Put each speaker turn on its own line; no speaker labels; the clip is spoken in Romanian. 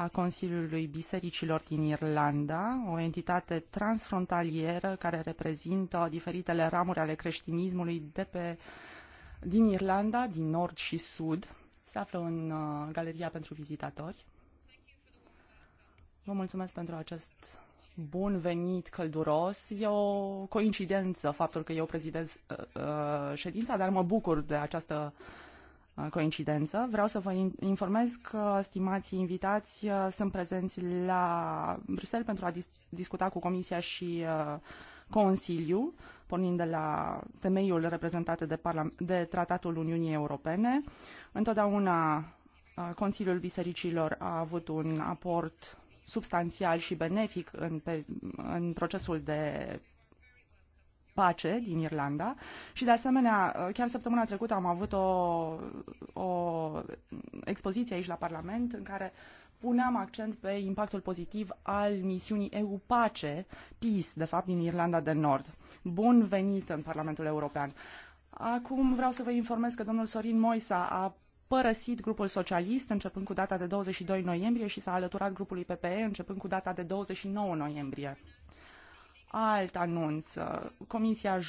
a Consiliului Bisericilor din Irlanda, o entitate transfrontalieră care reprezintă diferitele ramuri ale creștinismului de pe, din Irlanda, din nord și sud. Se află în uh, galeria pentru vizitatori. Vă mulțumesc pentru acest bun venit călduros. E o coincidență faptul că eu prezidez uh, uh ședința, dar mă bucur de această uh, Uh, coincidență. Vreau să vă informez că stimații invitați uh, sunt prezenți la Bruxelles pentru a dis- discuta cu Comisia și uh, Consiliu, pornind de la temeiul reprezentate de, de Tratatul Uniunii Europene. Întotdeauna Consiliul Bisericilor a avut un aport substanțial și benefic în, pe, în procesul de pace din Irlanda și de asemenea, chiar săptămâna trecută am avut o, o expoziție aici la Parlament în care puneam accent pe impactul pozitiv al misiunii EU Pace, PIS, de fapt, din Irlanda de Nord. Bun venit în Parlamentul European. Acum vreau să vă informez că domnul Sorin Moisa a părăsit grupul socialist începând cu data de 22 noiembrie și s-a alăturat grupului PPE începând cu data de 29 noiembrie alt anunț. Comisia